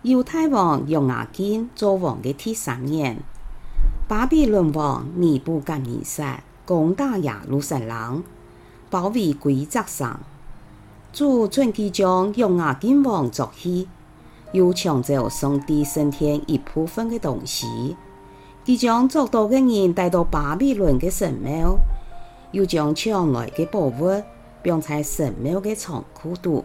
.猶太王約雅敬做王的第三年，巴比倫王尼布甲尼撒攻打耶路撒冷，包圍該城。主傳奇將約雅敬王捉去，又搶走上帝神殿一部分的東西，佢將做到的人帶到巴比倫的神廟，又將搶來的寶物放在神廟的倉庫度。